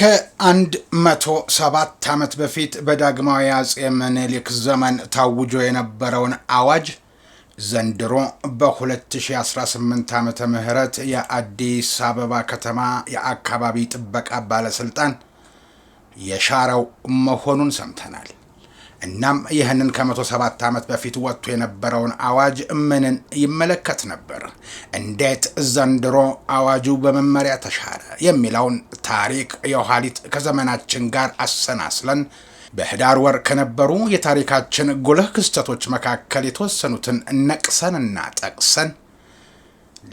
ከአንድ መቶ ሰባት ዓመት በፊት በዳግማዊ አጼ ምኒልክ ዘመን ታውጆ የነበረውን አዋጅ ዘንድሮ በ2018 ዓመተ ምህረት የአዲስ አበባ ከተማ የአካባቢ ጥበቃ ባለስልጣን የሻረው መሆኑን ሰምተናል። እናም ይህንን ከ107 ዓመት በፊት ወጥቶ የነበረውን አዋጅ ምንን ይመለከት ነበር? እንዴት ዘንድሮ አዋጁ በመመሪያ ተሻረ? የሚለውን ታሪክ የኋሊት ከዘመናችን ጋር አሰናስለን በህዳር ወር ከነበሩ የታሪካችን ጉልህ ክስተቶች መካከል የተወሰኑትን ነቅሰንና ጠቅሰን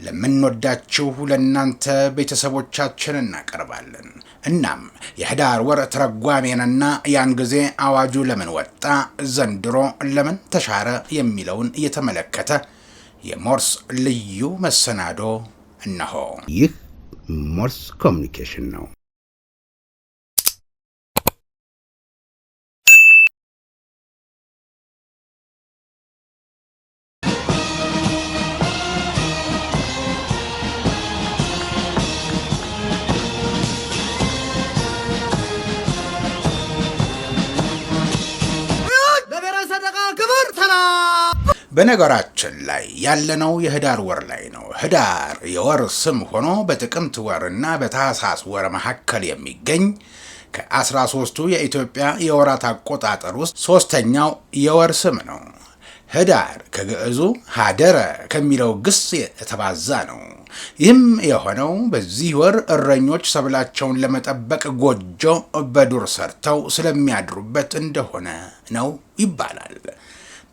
ለምንወዳችሁ ለእናንተ ቤተሰቦቻችን እናቀርባለን። እናም የህዳር ወር ትርጓሜንና ያን ጊዜ አዋጁ ለምን ወጣ፣ ዘንድሮ ለምን ተሻረ የሚለውን እየተመለከተ የሞርስ ልዩ መሰናዶ እነሆ። ይህ ሞርስ ኮሚኒኬሽን ነው። በነገራችን ላይ ያለነው የህዳር ወር ላይ ነው። ህዳር የወር ስም ሆኖ በጥቅምት ወርና በታህሳስ ወር መካከል የሚገኝ ከ 13 የኢትዮጵያ የወራት አቆጣጠር ውስጥ ሶስተኛው የወር ስም ነው። ህዳር ከግዕዙ ሀደረ ከሚለው ግስ የተባዛ ነው። ይህም የሆነው በዚህ ወር እረኞች ሰብላቸውን ለመጠበቅ ጎጆ በዱር ሰርተው ስለሚያድሩበት እንደሆነ ነው ይባላል።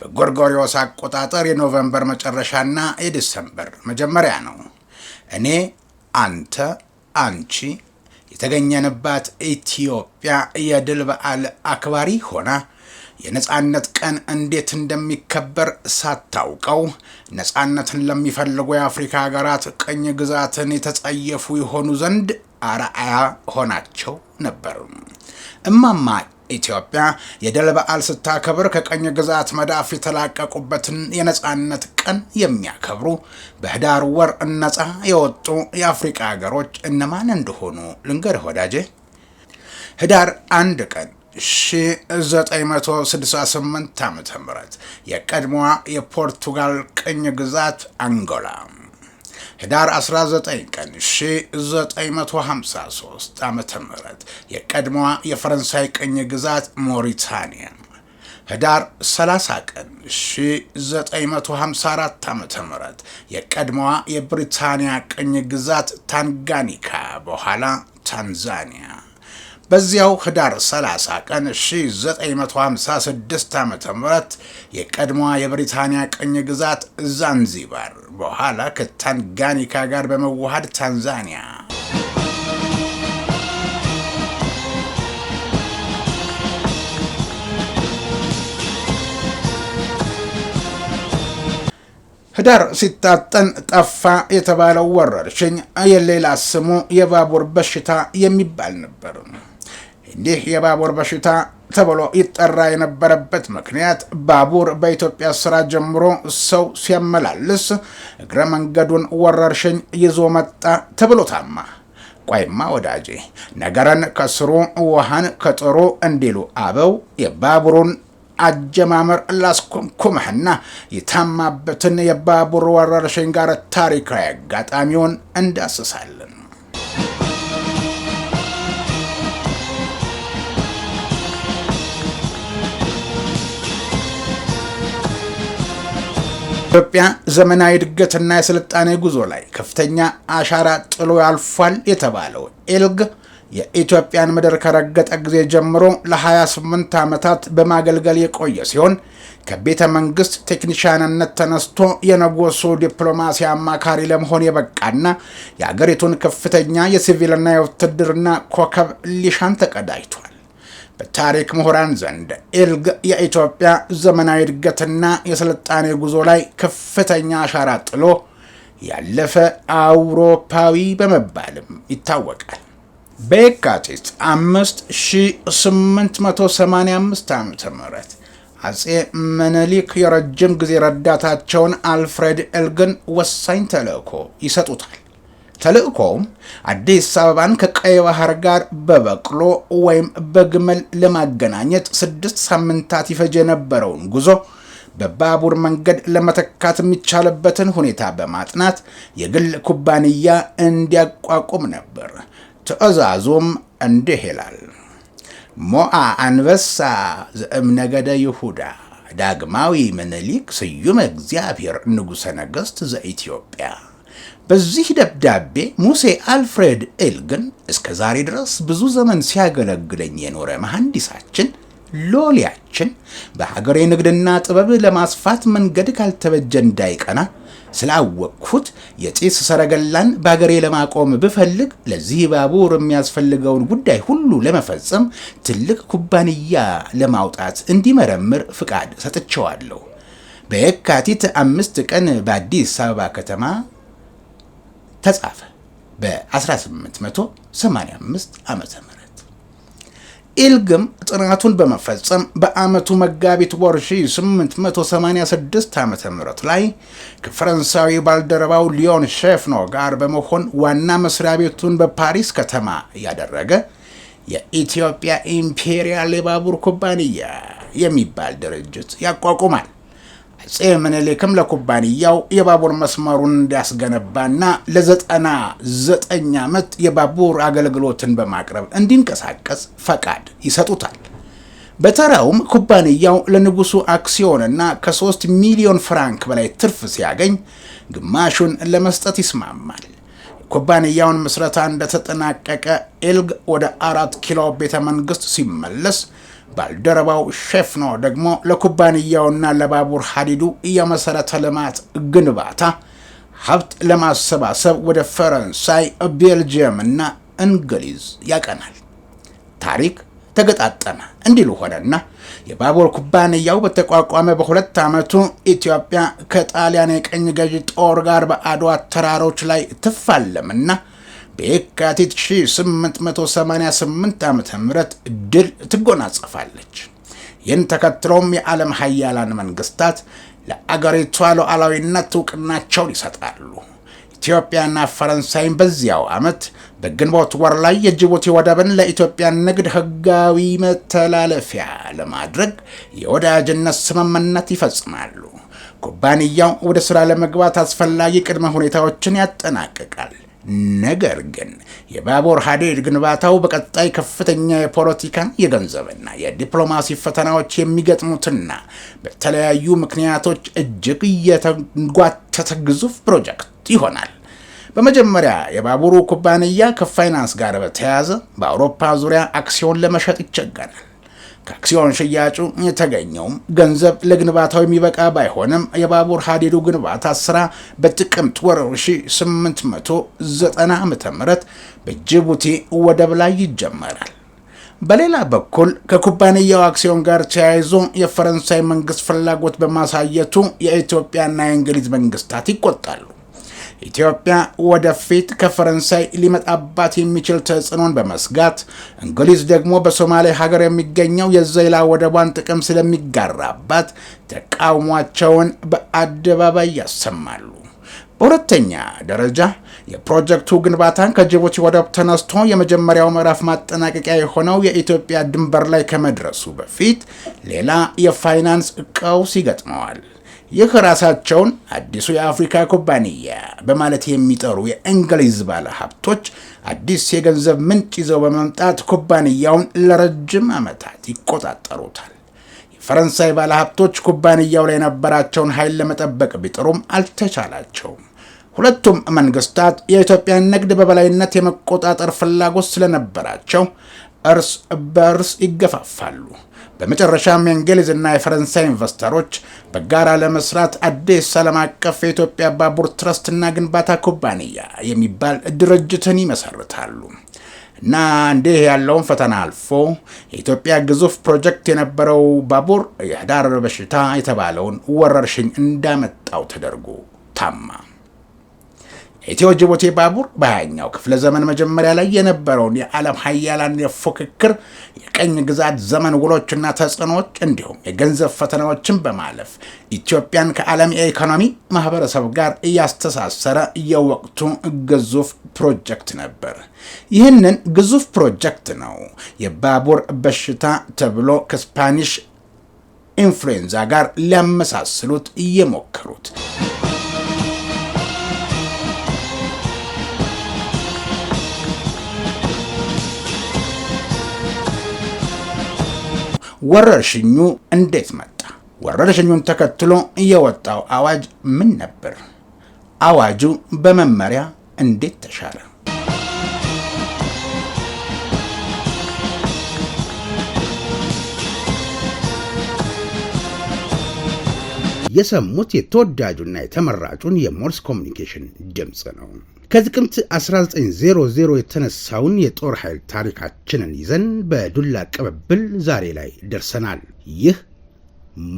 በጎርጎሪዮስ አቆጣጠር የኖቨምበር መጨረሻና የዲሰምበር መጀመሪያ ነው። እኔ፣ አንተ፣ አንቺ የተገኘንባት ኢትዮጵያ የድል በዓል አክባሪ ሆና የነጻነት ቀን እንዴት እንደሚከበር ሳታውቀው ነጻነትን ለሚፈልጉ የአፍሪካ ሀገራት ቅኝ ግዛትን የተጸየፉ የሆኑ ዘንድ አርአያ ሆናቸው ነበር። እማማ ኢትዮጵያ የድል በዓል ስታከብር ከቀኝ ግዛት መዳፍ የተላቀቁበትን የነፃነት ቀን የሚያከብሩ በህዳር ወር ነፃ የወጡ የአፍሪቃ ሀገሮች እነማን እንደሆኑ ልንገርህ ወዳጄ። ህዳር አንድ ቀን 1968 ዓ ም የቀድሞዋ የፖርቱጋል ቅኝ ግዛት አንጎላ ህዳር 19 ቀን 1953 ዓ ም የቀድሞዋ የፈረንሳይ ቅኝ ግዛት ሞሪታንያ ህዳር 30 ቀን 1954 ዓ ም የቀድሞዋ የብሪታንያ ቅኝ ግዛት ታንጋኒካ በኋላ ታንዛኒያ በዚያው ህዳር 30 ቀን 1956 ዓ ም የቀድሞዋ የብሪታንያ ቅኝ ግዛት ዛንዚባር በኋላ ከታንጋኒካ ጋር በመዋሃድ ታንዛኒያ ህዳር ሲታጠን ጠፋ የተባለው ወረርሽኝ የሌላ ስሙ የባቡር በሽታ የሚባል ነበር። እንዲህ የባቡር በሽታ ተብሎ ይጠራ የነበረበት ምክንያት ባቡር በኢትዮጵያ ስራ ጀምሮ ሰው ሲያመላልስ እግረ መንገዱን ወረርሽኝ ይዞ መጣ ተብሎ ታማ። ቋይማ ወዳጄ ነገርን ከስሩ ውሃን ከጥሩ እንዲሉ አበው የባቡሩን አጀማመር ላስኩምኩምህና የታማበትን የባቡር ወረርሽኝ ጋር ታሪካዊ አጋጣሚውን እንዳስሳል። ኢትዮጵያ ዘመናዊ እድገትና የስልጣኔ ጉዞ ላይ ከፍተኛ አሻራ ጥሎ ያልፏል የተባለው ኤልግ የኢትዮጵያን ምድር ከረገጠ ጊዜ ጀምሮ ለ28 ዓመታት በማገልገል የቆየ ሲሆን ከቤተ መንግሥት ቴክኒሽያንነት ተነስቶ የነጎሶ ዲፕሎማሲ አማካሪ ለመሆን የበቃና የአገሪቱን ከፍተኛ የሲቪልና የውትድርና ኮከብ ሊሻን ተቀዳጅቷል። በታሪክ ምሁራን ዘንድ ኢልግ የኢትዮጵያ ዘመናዊ እድገትና የስልጣኔ ጉዞ ላይ ከፍተኛ አሻራ ጥሎ ያለፈ አውሮፓዊ በመባልም ይታወቃል። በየካቲት 5885 ዓ ም አጼ ምኒልክ የረጅም ጊዜ ረዳታቸውን አልፍሬድ ኤልግን ወሳኝ ተልእኮ ይሰጡታል። ተልእኮውም አዲስ አበባን ከቀይ ባህር ጋር በበቅሎ ወይም በግመል ለማገናኘት ስድስት ሳምንታት ይፈጅ የነበረውን ጉዞ በባቡር መንገድ ለመተካት የሚቻልበትን ሁኔታ በማጥናት የግል ኩባንያ እንዲያቋቁም ነበር። ትዕዛዙም እንዲህ ይላል። ሞአ አንበሳ ዘእምነገደ ይሁዳ ዳግማዊ ምኒልክ ስዩም እግዚአብሔር ንጉሠ ነገሥት ዘኢትዮጵያ በዚህ ደብዳቤ ሙሴ አልፍሬድ ኤልግን እስከ ዛሬ ድረስ ብዙ ዘመን ሲያገለግለኝ የኖረ መሐንዲሳችን ሎሊያችን በሀገሬ ንግድና ጥበብ ለማስፋት መንገድ ካልተበጀ እንዳይቀና ስላወቅኩት የጢስ ሰረገላን በሀገሬ ለማቆም ብፈልግ ለዚህ ባቡር የሚያስፈልገውን ጉዳይ ሁሉ ለመፈጸም ትልቅ ኩባንያ ለማውጣት እንዲመረምር ፍቃድ ሰጥቸዋለሁ። በየካቲት አምስት ቀን በአዲስ አበባ ከተማ ተጻፈ በ1885 ዓ ም ኢልግም ጥናቱን በመፈጸም በአመቱ መጋቢት ወር 1886 ዓ ም ላይ ከፈረንሳዊ ባልደረባው ሊዮን ሼፍኖ ጋር በመሆን ዋና መስሪያ ቤቱን በፓሪስ ከተማ ያደረገ የኢትዮጵያ ኢምፔሪያል የባቡር ኩባንያ የሚባል ድርጅት ያቋቁማል። አፄ ምኒልክም ለኩባንያው የባቡር መስመሩን እንዲያስገነባና ለዘጠና ዘጠኝ ዓመት የባቡር አገልግሎትን በማቅረብ እንዲንቀሳቀስ ፈቃድ ይሰጡታል። በተራውም ኩባንያው ለንጉሱ አክሲዮንና ከሶስት ሚሊዮን ፍራንክ በላይ ትርፍ ሲያገኝ ግማሹን ለመስጠት ይስማማል። የኩባንያውን ምስረታ እንደተጠናቀቀ ኤልግ ወደ አራት ኪሎ ቤተ ሲመለስ ባልደረባው ነው ደግሞ ለኩባንያውና ለባቡር ሀዲዱ የመሰረተ ልማት ግንባታ ሀብት ለማሰባሰብ ወደ ፈረንሳይ፣ ቤልጅየም እና እንግሊዝ ያቀናል። ታሪክ ተገጣጠመ እንዲሉ ሆነና የባቡር ኩባንያው በተቋቋመ በሁለት ዓመቱ ኢትዮጵያ ከጣሊያን የቀኝ ገዢ ጦር ጋር በአድዋ ተራሮች ላይ ትፋለምና በየካቲት 1888 ዓ ም ድል ትጎናጸፋለች። ይህን ተከትሎም የዓለም ሀያላን መንግስታት ለአገሪቷ ሉዓላዊነት እውቅናቸውን ይሰጣሉ። ኢትዮጵያና ፈረንሳይም በዚያው ዓመት በግንቦት ወር ላይ የጅቡቲ ወደብን ለኢትዮጵያ ንግድ ህጋዊ መተላለፊያ ለማድረግ የወዳጅነት ስምምነት ይፈጽማሉ። ኩባንያው ወደ ሥራ ለመግባት አስፈላጊ ቅድመ ሁኔታዎችን ያጠናቅቃል። ነገር ግን የባቡር ሀዲድ ግንባታው በቀጣይ ከፍተኛ የፖለቲካ የገንዘብና የዲፕሎማሲ ፈተናዎች የሚገጥሙትና በተለያዩ ምክንያቶች እጅግ እየተንጓተተ ግዙፍ ፕሮጀክት ይሆናል። በመጀመሪያ የባቡሩ ኩባንያ ከፋይናንስ ጋር በተያያዘ በአውሮፓ ዙሪያ አክሲዮን ለመሸጥ ይቸገራል። ከአክሲዮን ሽያጩ የተገኘውም ገንዘብ ለግንባታው የሚበቃ ባይሆንም የባቡር ሀዲዱ ግንባታ ስራ በጥቅምት ወር 1890 ዓ ም በጅቡቲ ወደብ ላይ ይጀመራል። በሌላ በኩል ከኩባንያው አክሲዮን ጋር ተያይዞ የፈረንሳይ መንግስት ፍላጎት በማሳየቱ የኢትዮጵያና የእንግሊዝ መንግስታት ይቆጣሉ። ኢትዮጵያ ወደፊት ከፈረንሳይ ሊመጣባት የሚችል ተጽዕኖን በመስጋት እንግሊዝ ደግሞ በሶማሌ ሀገር የሚገኘው የዘይላ ወደቧን ጥቅም ስለሚጋራባት ተቃውሟቸውን በአደባባይ ያሰማሉ። በሁለተኛ ደረጃ የፕሮጀክቱ ግንባታን ከጅቡቲ ወደብ ተነስቶ የመጀመሪያው ምዕራፍ ማጠናቀቂያ የሆነው የኢትዮጵያ ድንበር ላይ ከመድረሱ በፊት ሌላ የፋይናንስ ቀውስ ይገጥመዋል። ይህ ራሳቸውን አዲሱ የአፍሪካ ኩባንያ በማለት የሚጠሩ የእንግሊዝ ባለ ሀብቶች አዲስ የገንዘብ ምንጭ ይዘው በመምጣት ኩባንያውን ለረጅም ዓመታት ይቆጣጠሩታል። የፈረንሳይ ባለ ሀብቶች ኩባንያው ላይ የነበራቸውን ኃይል ለመጠበቅ ቢጥሩም አልተቻላቸውም። ሁለቱም መንግስታት የኢትዮጵያን ንግድ በበላይነት የመቆጣጠር ፍላጎት ስለነበራቸው እርስ በእርስ ይገፋፋሉ። በመጨረሻም የእንግሊዝና የፈረንሳይ ኢንቨስተሮች በጋራ ለመስራት አዲስ ዓለም አቀፍ የኢትዮጵያ ባቡር ትረስትና ግንባታ ኩባንያ የሚባል ድርጅትን ይመሰርታሉ እና እንዲህ ያለውን ፈተና አልፎ የኢትዮጵያ ግዙፍ ፕሮጀክት የነበረው ባቡር የህዳር በሽታ የተባለውን ወረርሽኝ እንዳመጣው ተደርጎ ታማ ኢትዮ ጅቡቲ ባቡር በሃያኛው ክፍለ ዘመን መጀመሪያ ላይ የነበረውን የዓለም ሀያላን የፉክክር የቀኝ ግዛት ዘመን ውሎችና ተጽዕኖዎች እንዲሁም የገንዘብ ፈተናዎችን በማለፍ ኢትዮጵያን ከዓለም የኢኮኖሚ ማህበረሰብ ጋር እያስተሳሰረ የወቅቱ ግዙፍ ፕሮጀክት ነበር። ይህንን ግዙፍ ፕሮጀክት ነው የባቡር በሽታ ተብሎ ከስፓኒሽ ኢንፍሉዌንዛ ጋር ሊያመሳስሉት እየሞከሩት ወረርሽኙ እንዴት መጣ? ወረርሽኙን ተከትሎ የወጣው አዋጅ ምን ነበር? አዋጁ በመመሪያ እንዴት ተሻረ? የሰሙት የተወዳጁና የተመራጩን የሞርስ ኮሚኒኬሽን ድምፅ ነው። ከጥቅምት 1900 የተነሳውን የጦር ኃይል ታሪካችንን ይዘን በዱላ ቅብብል ዛሬ ላይ ደርሰናል። ይህ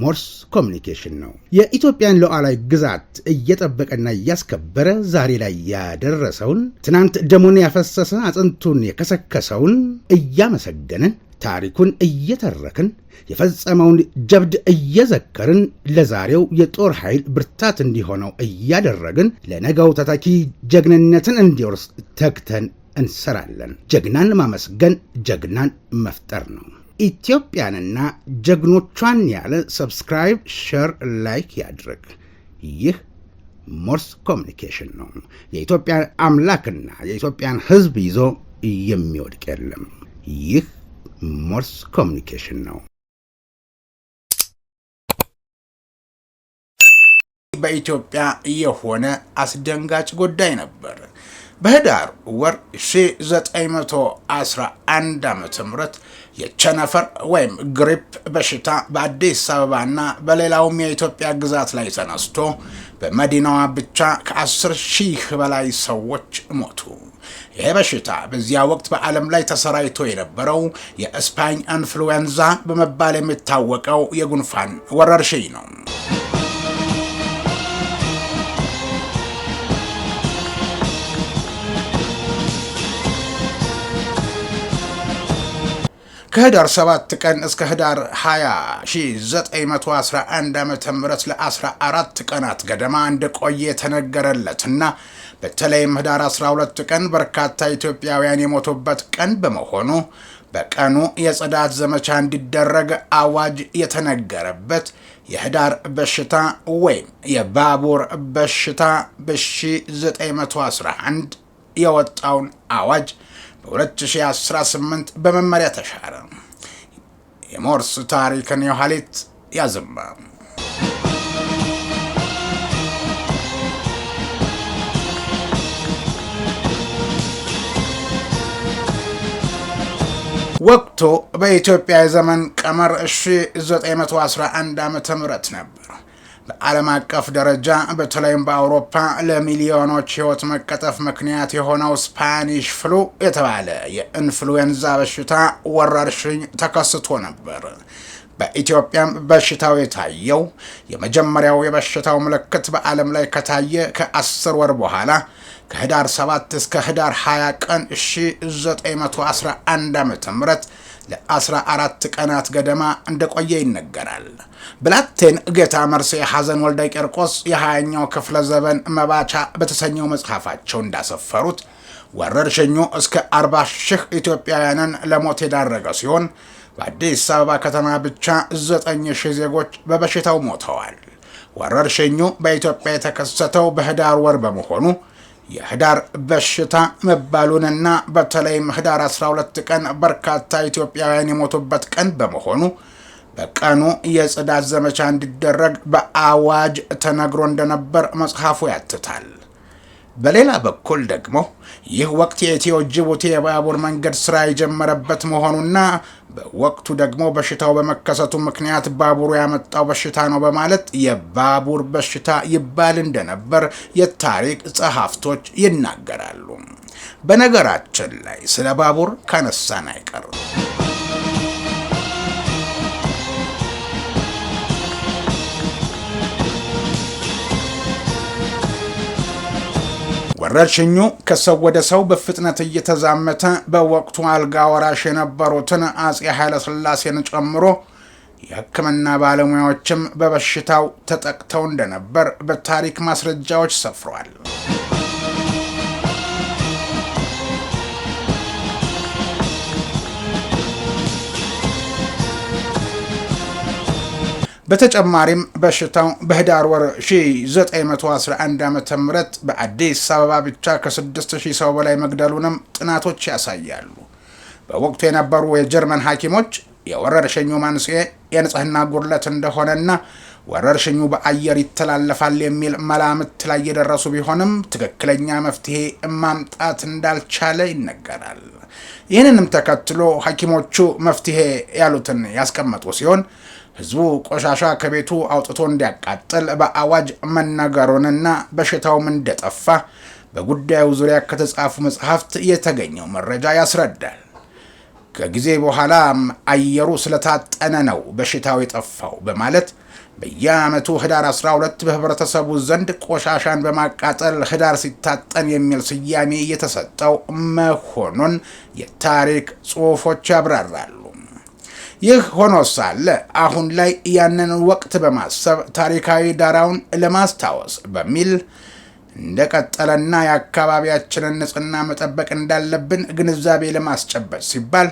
ሞርስ ኮሚኒኬሽን ነው። የኢትዮጵያን ሉዓላዊ ግዛት እየጠበቀና እያስከበረ ዛሬ ላይ ያደረሰውን፣ ትናንት ደሙን ያፈሰሰ አጥንቱን የከሰከሰውን እያመሰገንን ታሪኩን እየተረክን የፈጸመውን ጀብድ እየዘከርን ለዛሬው የጦር ኃይል ብርታት እንዲሆነው እያደረግን ለነገው ተተኪ ጀግንነትን እንዲወርስ ተግተን እንሰራለን። ጀግናን ማመስገን ጀግናን መፍጠር ነው። ኢትዮጵያንና ጀግኖቿን ያለ ሰብስክራይብ፣ ሸር ላይክ ያድርግ። ይህ ሞርስ ኮሚኒኬሽን ነው። የኢትዮጵያን አምላክና የኢትዮጵያን ሕዝብ ይዞ የሚወድቅ የለም። ይህ ሞርስ ኮሚኒኬሽን ነው። በኢትዮጵያ የሆነ አስደንጋጭ ጉዳይ ነበር። በህዳር ወር 1911 ዓ ም የቸነፈር ወይም ግሪፕ በሽታ በአዲስ አበባና በሌላውም የኢትዮጵያ ግዛት ላይ ተነስቶ በመዲናዋ ብቻ ከ10 ሺህ በላይ ሰዎች ሞቱ። ይሄ በሽታ በዚያ ወቅት በዓለም ላይ ተሰራይቶ የነበረው የስፓኝ ኢንፍሉዌንዛ በመባል የሚታወቀው የጉንፋን ወረርሽኝ ነው። ከህዳር 7 ቀን እስከ ህዳር 20 1911 ዓ ም ለ14 ቀናት ገደማ እንደቆየ እና በተለይም ህዳር 12 ቀን በርካታ ኢትዮጵያውያን የሞቱበት ቀን በመሆኑ በቀኑ የጽዳት ዘመቻ እንዲደረግ አዋጅ የተነገረበት የህዳር በሽታ ወይም የባቡር በሽታ በ1911 የወጣውን አዋጅ በ2018 በመመሪያ ተሻረ። የሞርስ ታሪክን የኋሊት ያዝማ ወጥቶ በኢትዮጵያ የዘመን ቀመር 1911 ዓ ም ነበር። በዓለም አቀፍ ደረጃ በተለይም በአውሮፓ ለሚሊዮኖች ሕይወት መቀጠፍ ምክንያት የሆነው ስፓኒሽ ፍሉ የተባለ የኢንፍሉዌንዛ በሽታ ወረርሽኝ ተከስቶ ነበር። በኢትዮጵያም በሽታው የታየው የመጀመሪያው የበሽታው ምልክት በዓለም ላይ ከታየ ከአስር ወር በኋላ ከህዳር 7 እስከ ህዳር 20 ቀን 1911 ም ለ14 ቀናት ገደማ እንደቆየ ይነገራል። ብላቴን ጌታ መርሴ ሐዘን ወልደ ቄርቆስ የ20ኛው ክፍለ ዘመን መባቻ በተሰኘው መጽሐፋቸው እንዳሰፈሩት ወረርሽኙ እስከ 40 ሺህ ኢትዮጵያውያንን ለሞት የዳረገ ሲሆን በአዲስ አበባ ከተማ ብቻ 9 ሺህ ዜጎች በበሽታው ሞተዋል። ወረርሽኙ በኢትዮጵያ የተከሰተው በህዳር ወር በመሆኑ የህዳር በሽታ መባሉንና በተለይም ህዳር 12 ቀን በርካታ ኢትዮጵያውያን የሞቱበት ቀን በመሆኑ በቀኑ የጽዳት ዘመቻ እንዲደረግ በአዋጅ ተነግሮ እንደነበር መጽሐፉ ያትታል። በሌላ በኩል ደግሞ ይህ ወቅት የኢትዮ ጅቡቲ የባቡር መንገድ ስራ የጀመረበት መሆኑና በወቅቱ ደግሞ በሽታው በመከሰቱ ምክንያት ባቡሩ ያመጣው በሽታ ነው በማለት የባቡር በሽታ ይባል እንደነበር የታሪክ ጸሐፍቶች ይናገራሉ። በነገራችን ላይ ስለ ባቡር ካነሳን አይቀርም። ወረርሽኙ ከሰው ወደ ሰው በፍጥነት እየተዛመተ በወቅቱ አልጋ ወራሽ የነበሩትን አጼ ኃይለሥላሴን ጨምሮ የሕክምና ባለሙያዎችም በበሽታው ተጠቅተው እንደነበር በታሪክ ማስረጃዎች ሰፍሯል። በተጨማሪም በሽታው በህዳር ወር 1911 ዓ ም በአዲስ አበባ ብቻ ከ6000 ሰው በላይ መግደሉንም ጥናቶች ያሳያሉ። በወቅቱ የነበሩ የጀርመን ሐኪሞች የወረርሽኙ መንስኤ የንጽህና ጉድለት እንደሆነና ወረርሽኙ በአየር ይተላለፋል የሚል መላምት ላይ የደረሱ ቢሆንም ትክክለኛ መፍትሄ ማምጣት እንዳልቻለ ይነገራል። ይህንንም ተከትሎ ሐኪሞቹ መፍትሄ ያሉትን ያስቀመጡ ሲሆን ህዝቡ ቆሻሻ ከቤቱ አውጥቶ እንዲያቃጥል በአዋጅ መናገሩንና በሽታውም እንደጠፋ በጉዳዩ ዙሪያ ከተጻፉ መጽሐፍት የተገኘው መረጃ ያስረዳል። ከጊዜ በኋላም አየሩ ስለታጠነ ነው በሽታው የጠፋው በማለት በየዓመቱ ህዳር 12 በህብረተሰቡ ዘንድ ቆሻሻን በማቃጠል ህዳር ሲታጠን የሚል ስያሜ የተሰጠው መሆኑን የታሪክ ጽሑፎች ያብራራሉ። ይህ ሆኖ ሳለ አሁን ላይ ያንን ወቅት በማሰብ ታሪካዊ ዳራውን ለማስታወስ በሚል እንደቀጠለና የአካባቢያችንን ንጽህና መጠበቅ እንዳለብን ግንዛቤ ለማስጨበጥ ሲባል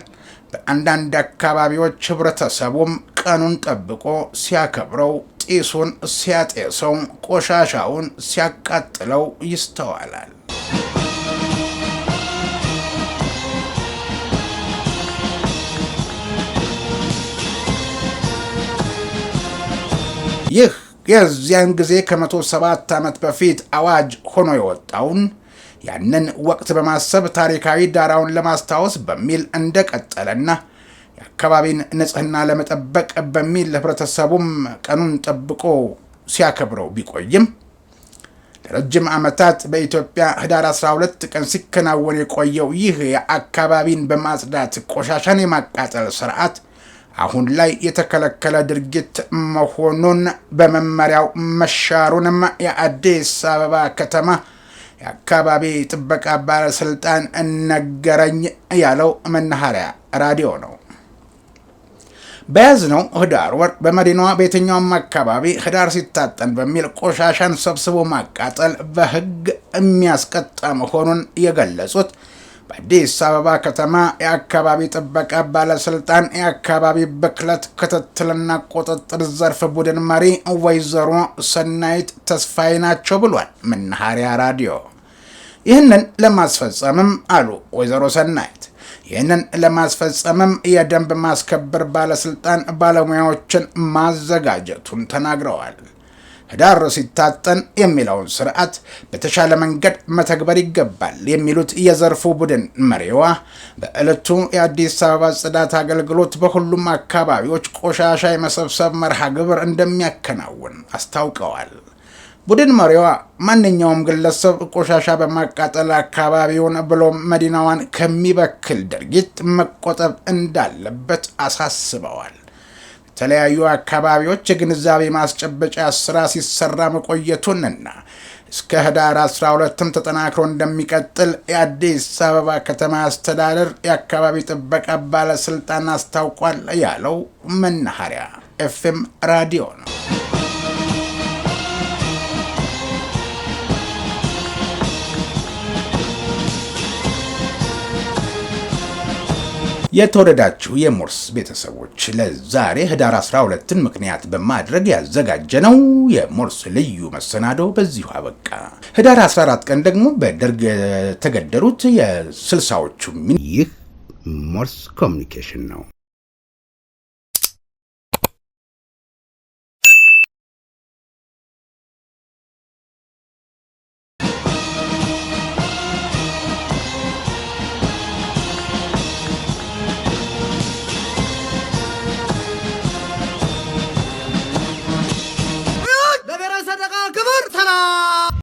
በአንዳንድ አካባቢዎች ህብረተሰቡም ቀኑን ጠብቆ ሲያከብረው፣ ጢሱን ሲያጤሰው፣ ቆሻሻውን ሲያቃጥለው ይስተዋላል። ይህ የዚያን ጊዜ ከመቶ ሰባት ዓመት በፊት አዋጅ ሆኖ የወጣውን ያንን ወቅት በማሰብ ታሪካዊ ዳራውን ለማስታወስ በሚል እንደቀጠለና የአካባቢን ንጽህና ለመጠበቅ በሚል ህብረተሰቡም ቀኑን ጠብቆ ሲያከብረው ቢቆይም ለረጅም ዓመታት በኢትዮጵያ ህዳር 12 ቀን ሲከናወን የቆየው ይህ የአካባቢን በማጽዳት ቆሻሻን የማቃጠል ስርዓት አሁን ላይ የተከለከለ ድርጊት መሆኑን በመመሪያው መሻሩንም የአዲስ አበባ ከተማ የአካባቢ ጥበቃ ባለስልጣን ነገረኝ ያለው መናኸሪያ ራዲዮ ነው። በያዝነው ህዳር ወር በመዲናዋ በየትኛውም አካባቢ ህዳር ሲታጠን በሚል ቆሻሻን ሰብስቦ ማቃጠል በህግ የሚያስቀጣ መሆኑን የገለጹት በአዲስ አበባ ከተማ የአካባቢ ጥበቃ ባለስልጣን የአካባቢ ብክለት ክትትልና ቁጥጥር ዘርፍ ቡድን መሪ ወይዘሮ ሰናይት ተስፋዬ ናቸው ብሏል መናኸሪያ ራዲዮ። ይህንን ለማስፈጸምም አሉ ወይዘሮ ሰናይት ይህንን ለማስፈጸምም የደንብ ማስከበር ባለስልጣን ባለሙያዎችን ማዘጋጀቱን ተናግረዋል። ህዳር ሲታጠን የሚለውን ስርዓት በተሻለ መንገድ መተግበር ይገባል የሚሉት የዘርፉ ቡድን መሪዋ በዕለቱ የአዲስ አበባ ጽዳት አገልግሎት በሁሉም አካባቢዎች ቆሻሻ የመሰብሰብ መርሃ ግብር እንደሚያከናውን አስታውቀዋል። ቡድን መሪዋ ማንኛውም ግለሰብ ቆሻሻ በማቃጠል አካባቢውን ብሎም መዲናዋን ከሚበክል ድርጊት መቆጠብ እንዳለበት አሳስበዋል። የተለያዩ አካባቢዎች የግንዛቤ ማስጨበጫ ስራ ሲሰራ መቆየቱንና እስከ ህዳር 12ም ተጠናክሮ እንደሚቀጥል የአዲስ አበባ ከተማ አስተዳደር የአካባቢ ጥበቃ ባለስልጣን አስታውቋል ያለው መናኸሪያ ኤፍኤም ራዲዮ ነው። የተወደዳችሁ የሞርስ ቤተሰቡ ዜናዎች ለዛሬ ህዳር 12ን ምክንያት በማድረግ ያዘጋጀነው የሞርስ ልዩ መሰናዶ በዚሁ አበቃ። ህዳር 14 ቀን ደግሞ በደርግ የተገደሉት የስልሳዎቹ ይህ ሞርስ ኮሚኒኬሽን ነው።